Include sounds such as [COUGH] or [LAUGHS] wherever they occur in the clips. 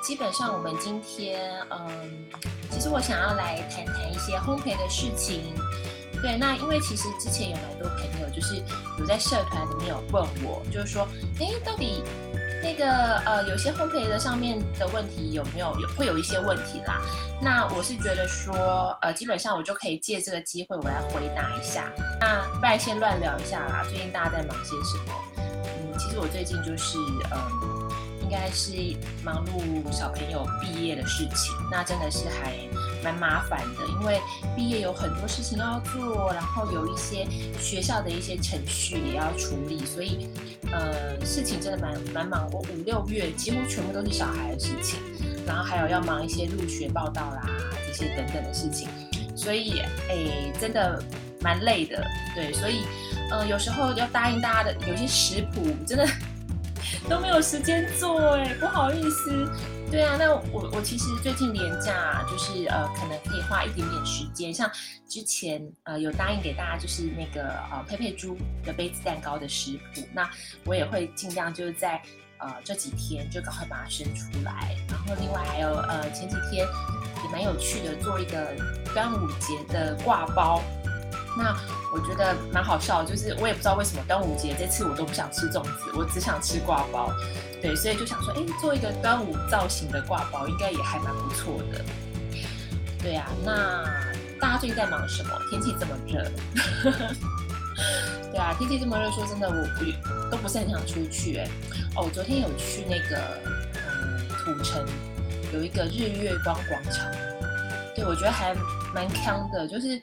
基本上，我們今天，嗯，其實我想要來談談一些烘焙的事情。對，那因為其實之前有蠻多朋友就是有在社團裡面有問我，就是說，誒，到底那個呃，有些烘焙的上面的問題有沒有有會有一些問題啦？那我是覺得說，呃，基本上我就可以借這個機會我來回答一下。那不然先亂聊一下啦。最近大家在忙些什麼？嗯，其實我最近就是，嗯。是忙碌小朋友畢業的事情，那真的是還蠻麻煩的，因為畢業有很多事情都要做，然後有一些學校的一些程序，也要處理，所以呃，事情真的蠻蠻忙。我五六月幾乎全部都是小孩的事情，然後還有要忙一些入學報道啦，這些等等的事情，所以哎，真的蠻累的。對，所以呃，有時候要答應大家的有些食譜真的，都沒有時間做哎、欸，不好意思。對啊，那我我其實最近連假，就是呃，可能可以花一點點時間。像之前呃有答應給大家就是那個呃佩佩豬的杯子蛋糕的食譜，那我也會盡量就是在呃這幾天就趕快把它生出來。然後另外還有呃前幾天也蠻有趣的，做一個端午節的掛包。那。我覺得蠻好笑，就是我也不知道為什麼端午節這次我都不想吃粽子，我只想吃刈包，對，所以就想說，誒，做一個端午造型的刈包應該也還蠻不錯的。對啊，那大家最近在忙什麼？天氣這麼熱， [LAUGHS] 對啊，天氣這麼熱，說真的我不，我都不是很想出去，欸。哦，我昨天有去那個嗯土城，有一個日月光廣場，對我覺得還蠻康的，就是。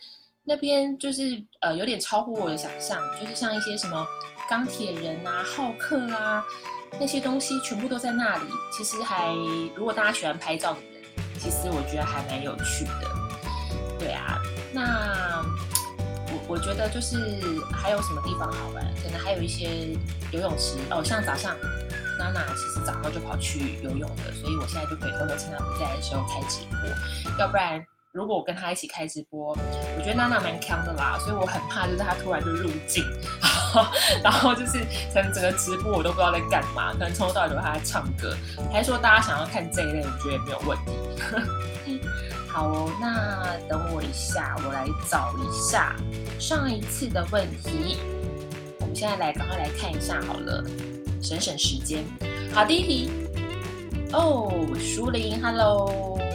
那邊就是呃，有點超乎我的想象，就是像一些什麼鋼鐵人啊、浩克啊那些東西，全部都在那裡。其實還如果大家喜歡拍照的人，其實我覺得還蠻有趣的。對啊，那我我覺得就是還有什麼地方好玩，可能還有一些游泳池哦。像早上娜娜其實早上就跑去游泳的，所以我現在就可以偷偷趁她不在的時候開直播，要不然。如果我跟他一起開直播，我覺得娜娜蠻強的啦，所以我很怕就是他突然就入鏡， [LAUGHS] 然後就是整整個直播我都不知道在幹嘛，可能從頭到尾都是他在唱歌，還是說大家想要看這一類，我覺得也沒有問題。 [LAUGHS] 好哦，那等我一下，我來找一下上一次的問題，我們現在來趕快來看一下好了，省省時間。好第一題。哦，淑玲，hello。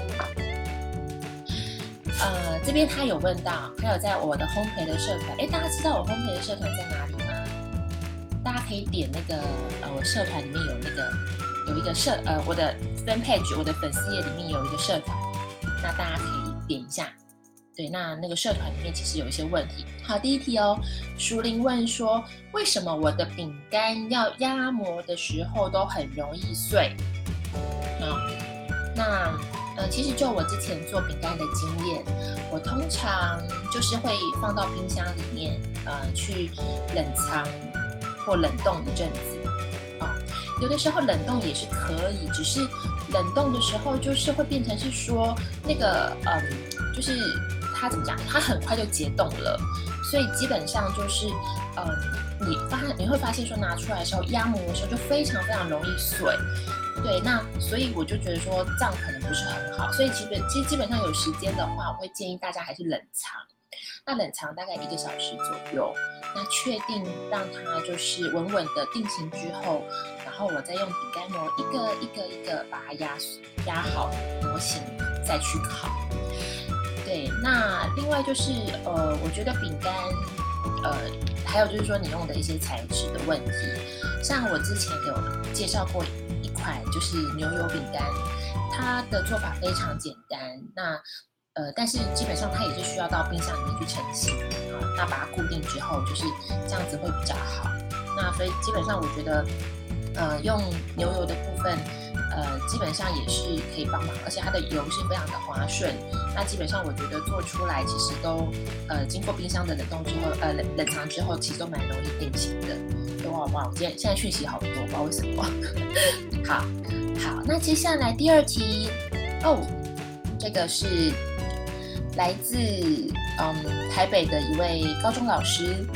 呃，這邊他有問到，他有在我的烘焙的社團，誒、欸，大家知道我烘焙的社團在哪裡嗎？大家可以點那個呃，我社團裡面有那個有一個社呃，我的 fan page 我的粉絲頁裡面有一個社團，那大家可以點一下。對，那那個社團裡面其實有一些問題。好，第一題哦，淑玲問說，為什麼我的餅乾要壓模的時候都很容易碎？啊、嗯，那。呃，其實就我之前做餅乾的經驗，我通常就是會放到冰箱裡面，呃，去冷藏或冷凍一陣子。呃、有的時候冷凍也是可以，只是冷凍的時候就是會變成是說那個，嗯、呃，就是它怎麼講，它很快就解凍了，所以基本上就是，呃，你發你會發現說拿出來的時候壓模的時候就非常非常容易碎。對，那所以我就覺得說這樣可能不是很好，所以其實，其實基本上有時間的話，我會建議大家還是冷藏。那冷藏大概一個小時左右，那確定讓它就是穩穩的定型之後，然後我再用餅乾模一個一個一個把它壓壓好模型再去烤。對，那另外就是呃，我覺得餅乾，呃，還有就是說你用的一些材質的問題，像我之前有介紹過。款就是牛油餅乾，它的做法非常簡單。那呃，但是基本上它也是需要到冰箱裡面去成型啊。那把它固定之後，就是這樣子會比較好。那所以基本上我覺得，呃，用牛油的部分，呃，基本上也是可以幫忙。而且它的油是非常的滑順。那基本上我覺得做出來其實都呃，經過冰箱的冷凍之後，呃，冷，冷藏之後，其實都蠻容易定型的。哇哇！我今天現在訊息好多，不知道為什麼。 [LAUGHS] 好，好，那接下來第二題哦，這個是來自嗯台北的一位高中老師。 [LAUGHS]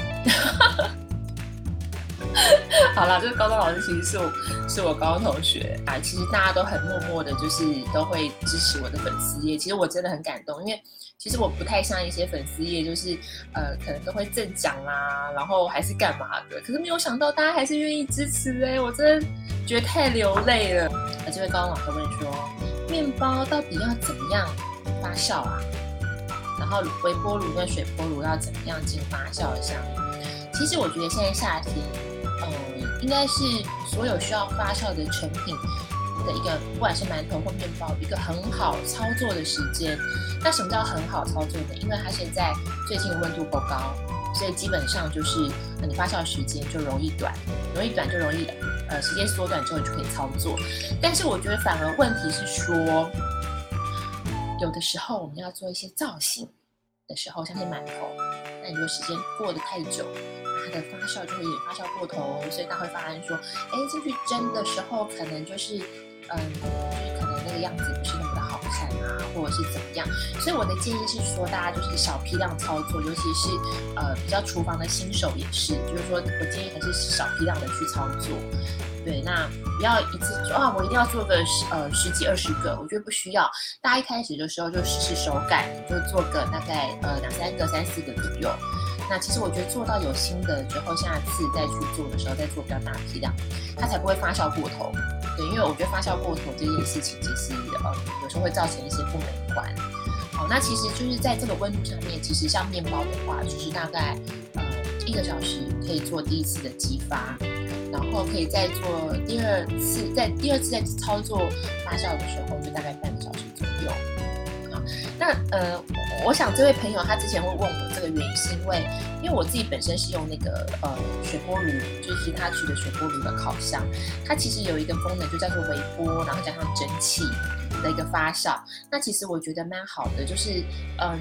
好了，這個高中老師其實是我，是我高中同學啊。其實大家都很默默的，就是都會支持我的粉絲頁，其實我真的很感動，因為。其實我不太像一些粉絲頁就是呃，可能都會贈獎啦，然後還是幹嘛的。可是沒有想到，大家還是願意支持哎、欸，我真的覺得太流淚了。啊、呃，這位高中老師問說，麵包到底要怎麼樣發酵啊？然後微波爐跟水波爐要怎麼樣進發酵一下？其實我覺得現在夏天，嗯、呃，應該是所有需要發酵的成品。的一個不管是饅頭或麵包，一個很好操作的時間。那什麼叫很好操作呢？因為它現在最近溫度夠高，所以基本上就是、呃、你發酵時間就容易短，容易短就容易呃時間縮短之後你就可以操作。但是我覺得反而問題是說，有的時候我們要做一些造型的時候，像是饅頭，那如果時間過得太久，它的發酵就會發酵過頭，哦，所以大家會發現說，哎，進去蒸的時候可能就是。嗯，就是可能那個樣子不是那麼的好看啊，或者是怎麼樣，所以我的建議是說，大家就是小批量操作，尤其是呃比較廚房的新手也是，就是說我建議還是少批量的去操作。對，那不要一次做啊，我一定要做個十呃十幾二十個，我覺得不需要。大家一開始的時候就試試手感，就做個大概呃兩三個、三四個左右。那其實我覺得做到有心得之後，下次再去做的時候再做比較大批量，它才不會發酵過頭。對，因為我覺得發酵過頭這件事情，其實呃，有時候會造成一些不美觀。好，那其實就是在這個溫度上面，其實像麵包的話，就是大概呃一個小時可以做第一次的激發，然後可以再做第二次，在第二次再操作發酵的時候，就大概半個小時左右。好，那呃，我想這位朋友他之前會問我。原因是因為，因為我自己本身是用那個呃，水波爐，就是其他區的水波爐的烤箱，它其實有一個功能，就叫做微波，然後加上蒸汽的一個發酵。那其實我覺得蠻好的，就是嗯、呃，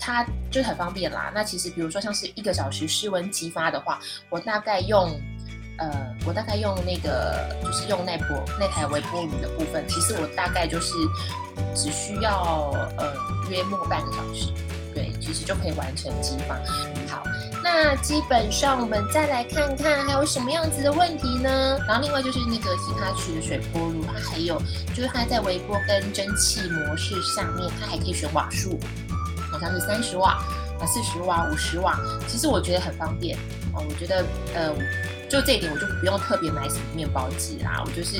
它就很方便啦。那其實比如說像是一個小時室溫激發的話，我大概用呃，我大概用那個就是用那波那台微波爐的部分，其實我大概就是只需要呃約莫半個小時。對，其實就可以完成機房。好，那基本上我們再來看看還有什麼樣子的問題呢？然後另外就是那個其他區的水波爐，它還有就是它在微波跟蒸汽模式下面，它還可以選瓦數，好像是三十瓦、啊四十瓦、五十瓦。其實我覺得很方便哦，我覺得呃。就這一點我就不用特別買什麼麵包機啦，我就是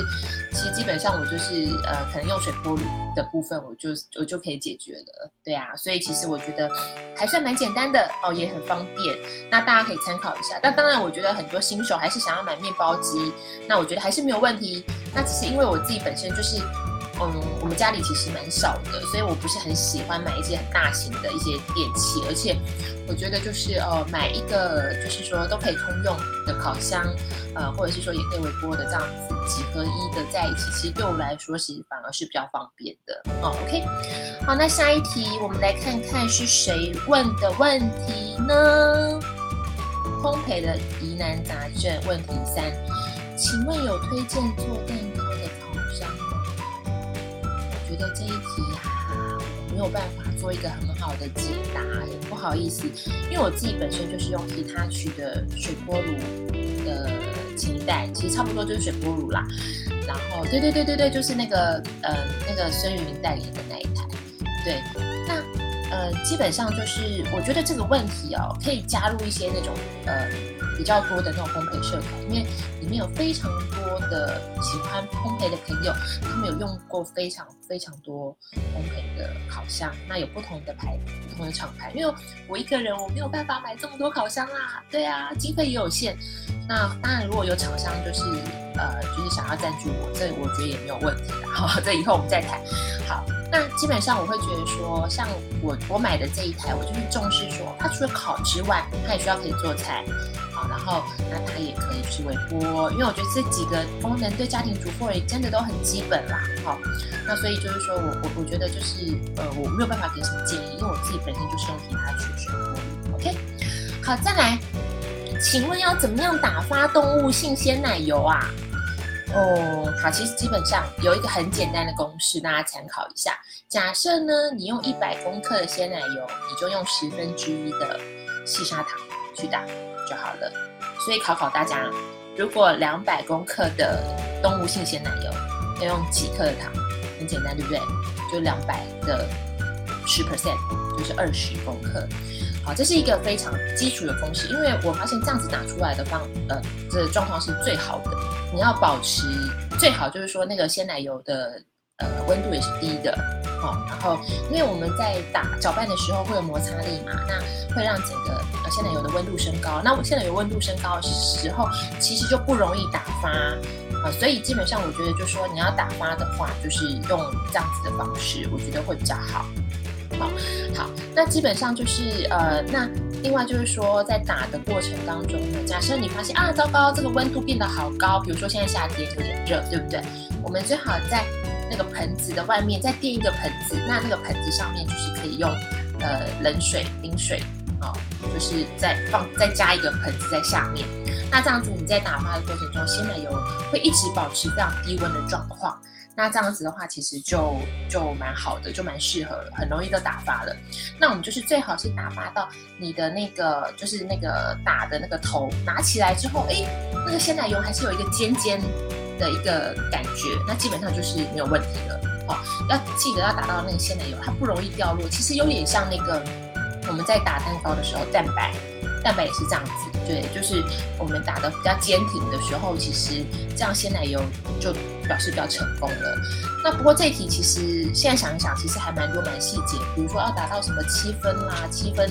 其實基本上我就是呃可能用水波爐的部分我就我就可以解決了，對啊，所以其實我覺得還算蠻簡單的哦，也很方便，那大家可以參考一下。那當然我覺得很多新手還是想要買麵包機，那我覺得還是沒有問題。那其實因為我自己本身就是。嗯，我們家裡其實蠻少的，所以我不是很喜歡買一些很大型的一些電器，而且我覺得就是呃，買一個就是說都可以通用的烤箱，呃，或者是說也可以微波的這樣子幾合一的在一起，其實對我來說其實反而是比較方便的哦。OK，好，那下一題，我們來看看是誰問的問題呢？烘焙的疑難雜症問題三，請問有推薦做電？覺得這一題啊、嗯，沒有辦法做一個很好的解答，也不好意思，因為我自己本身就是用其他曲的水波爐的前代，其實差不多就是水波爐啦。然後，對對對對對，就是那個呃那個孫芸芸代言的那一台，對。呃，基本上就是，我覺得這個問題哦，可以加入一些那種呃比較多的那種烘焙社團。因為裡面有非常多的喜歡烘焙的朋友，他們有用過非常非常多烘焙的烤箱，那有不同的牌，不同的廠牌，因為我一個人我沒有辦法買這麼多烤箱啦，啊，對啊，經費也有限，那當然如果有廠商就是。就是想要贊助我，這我覺得也沒有問題的。好，這以後我們再談。好，那基本上我會覺得說，像我我買的這一台，我就是重視說，它除了烤之外，它也需要可以做菜。好，然後那它也可以是微波，因為我覺得這幾個功能對家庭主婦真的都很基本啦。好，那所以就是說我我我覺得就是呃，我沒有辦法給什麼建議，因為我自己本身就是用其他去微波。OK，好，再來，請問要怎麼樣打發動物性鮮奶油啊？哦，好，其實基本上有一個很簡單的公式，大家參考一下。假設呢，你用一百公克的鮮奶油，你就用十分之一的細砂糖去打就好了。所以考考大家，如果兩百公克的動物性鮮奶油，要用幾克的糖？很簡單，對不對？就兩百的10%，就是二十公克。好，這是一個非常基礎的東西，因為我發現這樣子打出來的方，呃，這狀況是最好的。你要保持最好，就是說那個鮮奶油的呃溫度也是低的。哦，然後因為我們在打攪拌的時候會有摩擦力嘛，那會讓整個呃鮮奶油的溫度升高。那鮮奶油溫度升高的時候，其實就不容易打發啊、呃。所以基本上我覺得，就是說你要打發的話，就是用這樣子的方式，我覺得會比較好。好，好，那基本上就是呃，那另外就是說，在打的過程當中呢，假設你發現啊，糟糕，這個溫度變得好高，比如說現在夏天有點熱，對不對？我們最好在那個盆子的外面再墊一個盆子，那那個盆子上面就是可以用呃冷水、冰水，哦，就是再放再加一個盆子在下面，那這樣子你在打發的過程中，鮮奶油會一直保持這樣低溫的狀況。那這樣子的話，其實就就蠻好的，就蠻適合，很容易就打發了。那我們就是最好是打發到你的那個，就是那個打的那個頭拿起來之後，哎、欸，那個鮮奶油還是有一個尖尖的一個感覺，那基本上就是沒有問題了。哦，要記得要打到那個鮮奶油，它不容易掉落。其實有點像那個我們在打蛋糕的時候蛋白。蛋白也是這樣子，對，就是我們打的比較堅挺的時候，其實這樣鮮奶油就表示比較成功了。那不過這一題其實現在想一想，其實還蠻多蠻細節，比如說要達到什麼七分啦、啊、七分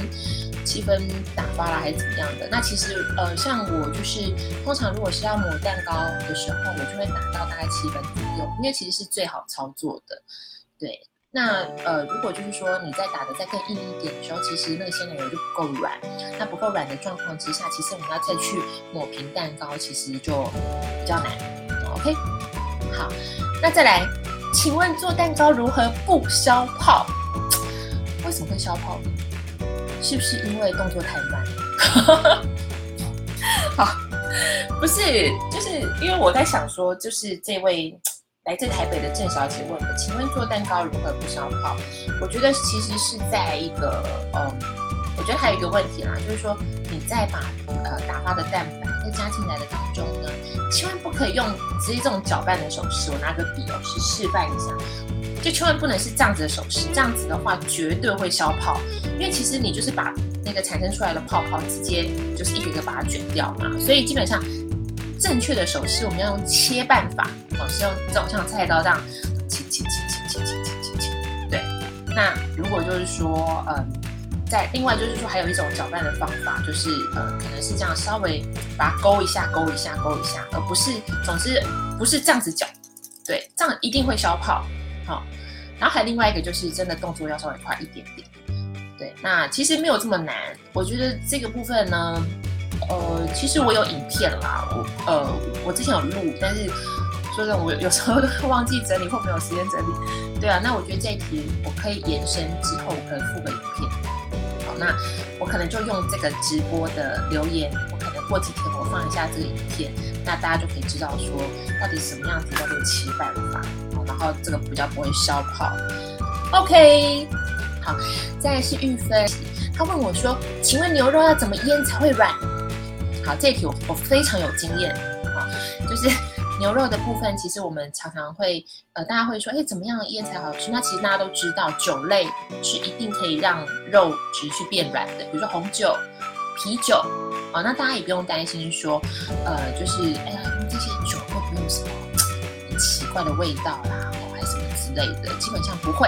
七分打發啦、啊，還是怎麼樣的。那其實呃，像我就是通常如果是要抹蛋糕的時候，我就會打到大概七分左右，因為其實是最好操作的，對。那呃，如果就是說你在打的再更硬一點的時候，其實那個鮮奶油就不夠軟。那不夠軟的狀況之下，其實我們要再去抹平蛋糕，其實就比較難。OK，好，那再來，請問做蛋糕如何不消泡？為什麼會消泡呢？是不是因為動作太慢？ [LAUGHS] 好，不是，就是因為我在想說，就是這位。來自台北的鄭小姐問我：「請問做蛋糕如何不消泡？」我覺得其實是在一個，嗯，我覺得還有一個問題啦，就是說你在把呃打發的蛋白再加進來的當中呢，千萬不可以用直接這種攪拌的手勢。我拿個筆哦，是示範一下，就千萬不能是這樣子的手勢，這樣子的話絕對會消泡，因為其實你就是把那個產生出來的泡泡直接就是一個一個把它捲掉嘛，所以基本上。正確的手勢，我們要用切拌法，哦，是用這種像菜刀這樣切切切切切切切切切，對。那如果就是說，嗯，在另外就是說，還有一種攪拌的方法，就是呃、嗯，可能是這樣，稍微把它勾一下，勾一下，勾一下，而不是，總之不是這樣子攪，對，這樣一定會消泡，好、哦。然後還有另外一個就是真的動作要稍微快一點點，對。那其實沒有這麼難，我覺得這個部分呢。呃，其實我有影片啦，我呃，我之前有錄，但是說真的，我有時候會忘記整理或沒有時間整理。對啊，那我覺得這一題我可以延伸，之後我可以附個影片。好，那我可能就用這個直播的留言，我可能過幾天我放一下這個影片，那大家就可以知道說到底什麼樣子叫做七百法，然後這個比較不會消泡。OK，好，再來是玉芬，她問我說：“請問牛肉要怎麼醃才會軟？”好，這一題我我非常有經驗，哦，就是牛肉的部分，其實我們常常會，呃，大家會說，哎、欸，怎麼樣醃才好吃？那其實大家都知道，酒類是一定可以讓肉質去變軟的，比如說紅酒、啤酒，啊、哦，那大家也不用擔心說，呃，就是，哎、欸、呀，這些酒會不會有什麼奇怪的味道啦、啊、還、呃、是什麼之類的，基本上不會，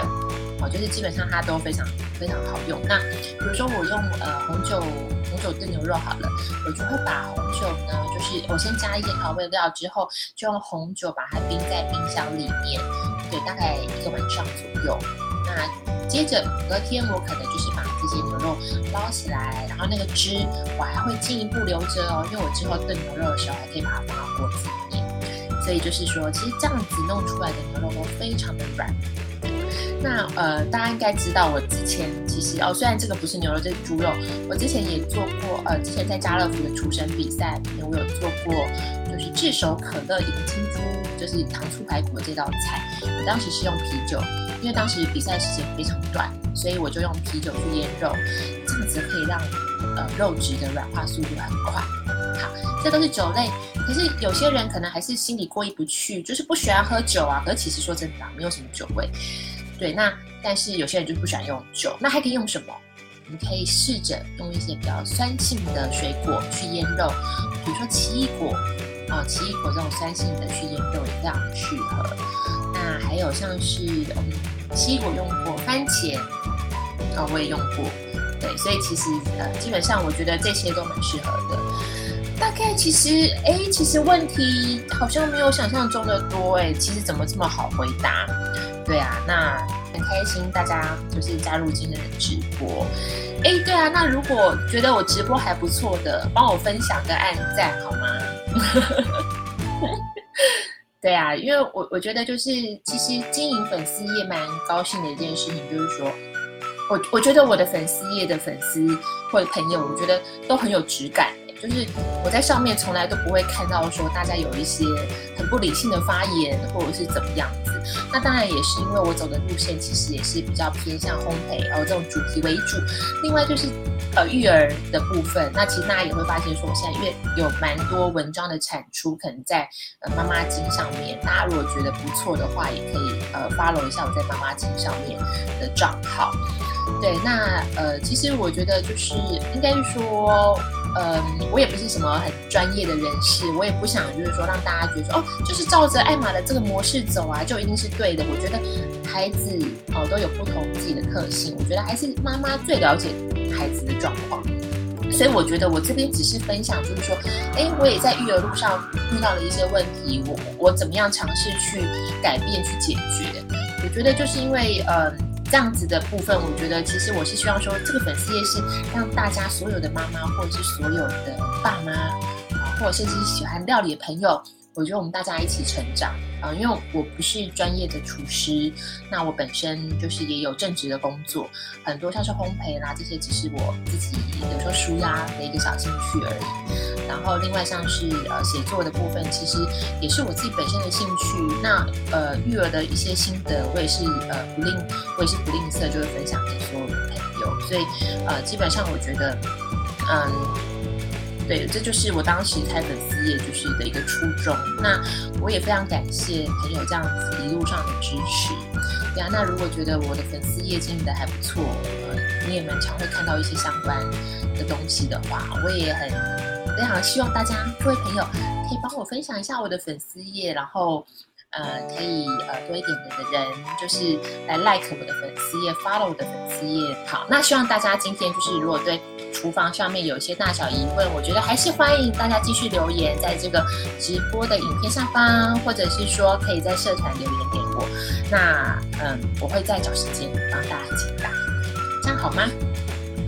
哦、就是基本上它都非常非常好用。那比如說我用呃紅酒。紅酒燉牛肉好了，我就會把紅酒呢，就是我先加一些調味料之後，就用紅酒把它冰在冰箱裡面，對，大概一個晚上左右。那接着隔天我可能就是把這些牛肉撈起來，然後那個汁我還會進一步留着哦，因為我之後燉牛肉的時候還可以把它放到鍋子裡面。所以就是說，其實這樣子弄出來的牛肉都非常的軟。那呃，大家應該知道，我之前其實哦，雖然這個不是牛肉，這是、個、豬肉，我之前也做過。呃，之前在家樂福的廚神比賽，裡面我有做過，就是炙手可熱鹽青豬，就是糖醋排骨這道菜。我當時是用啤酒，因為當時比賽時間非常短，所以我就用啤酒去醃肉，這樣子可以讓呃肉質的軟化速度很快。好，這都是酒類，可是有些人可能還是心裡過意不去，就是不喜歡喝酒啊，可是其實說真的、啊，沒有什麼酒味。對，那但是有些人就不喜歡用酒，那還可以用什麼？你可以試着用一些比較酸性的水果去醃肉，比如說奇異果，啊、哦，奇異果這種酸性的去醃肉也非常適合。那還有像是嗯，奇異果用過，番茄啊、哦，我也用過。對，所以其實呃，基本上我覺得這些都蠻適合的。大概其實，哎，其實問題好像沒有想象中的多，哎，其實怎麼這麼好回答？對啊，那很開心，大家就是加入今天的直播。哎，對啊，那如果覺得我直播還不錯的，幫我分享個按讚好嗎？ [LAUGHS] 對啊，因為我我覺得就是其實經營粉絲頁蠻高興的一件事情，就是說，我我覺得我的粉絲頁的粉絲或者朋友，我覺得都很有質感。就是我在上面從來都不會看到說，大家有一些很不理性的發言或者是怎麼樣子。那當然也是因為我走的路線其實也是比較偏向烘焙哦這種主題為主。另外就是呃育兒的部分，那其實大家也會發現說我現在越有蠻多文章的產出，可能在呃媽媽經上面。大家如果覺得不錯的話，也可以呃 follow 一下我在媽媽經上面的賬號。對，那呃其實我覺得就是應該是說。嗯、呃，我也不是什麼很專業的人士，我也不想就是說讓大家覺得說哦，就是照着艾瑪的這個模式走啊，就一定是對的。我覺得孩子哦都有不同自己的特性，我覺得還是媽媽最了解孩子的狀況。所以我覺得我這邊只是分享，就是說，哎，我也在育兒路上遇到了一些問題，我我怎麼樣嘗試去改變，去解決？我覺得就是因為呃。這樣子的部分，我覺得其實我是希望說，這個粉絲頁是讓大家所有的媽媽或者是所有的爸媽，啊，或者甚至是喜歡料理的朋友，我覺得我們大家一起成長啊、呃。因為我，我不是專業的廚師，那我本身就是也有正職的工作，很多像是烘焙啦這些，只是我自己有時候舒壓的一個小興趣而已。然後另外像是呃寫作的部分，其實也是我自己本身的興趣。那呃育兒的一些心得，我也是呃不吝我也是不吝嗇，就會分享給所有的朋友。所以呃基本上我覺得嗯、呃、對，這就是我當時開粉絲頁就是的一個初衷。那我也非常感謝朋友這樣子一路上的支持。對啊，那如果覺得我的粉絲頁經營的還不錯，呃，你也蠻常會看到一些相關的東西的話，我也很非常希望大家各位朋友可以幫我分享一下我的粉絲頁，然後呃可以呃多一點點的人就是來 like 我的粉絲頁，follow 我的粉絲頁。好，那希望大家今天就是如果對廚房上面有一些大小疑問，我覺得還是歡迎大家繼續留言在這個直播的影片上方，或者是說可以在社團留言給我。那嗯，我會再找時間幫大家解答，這樣好嗎？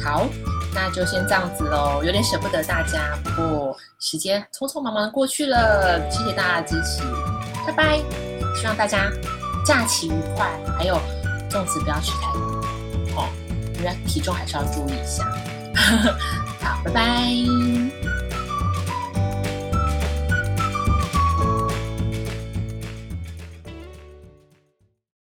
好。那就先這樣子嘍，有點捨不得大家，不過時間匆匆忙忙的過去了，謝謝大家的支持，拜拜！希望大家假期愉快，還有粽子不要吃太多哦，因為體重還是要注意一下。呵呵好，拜拜。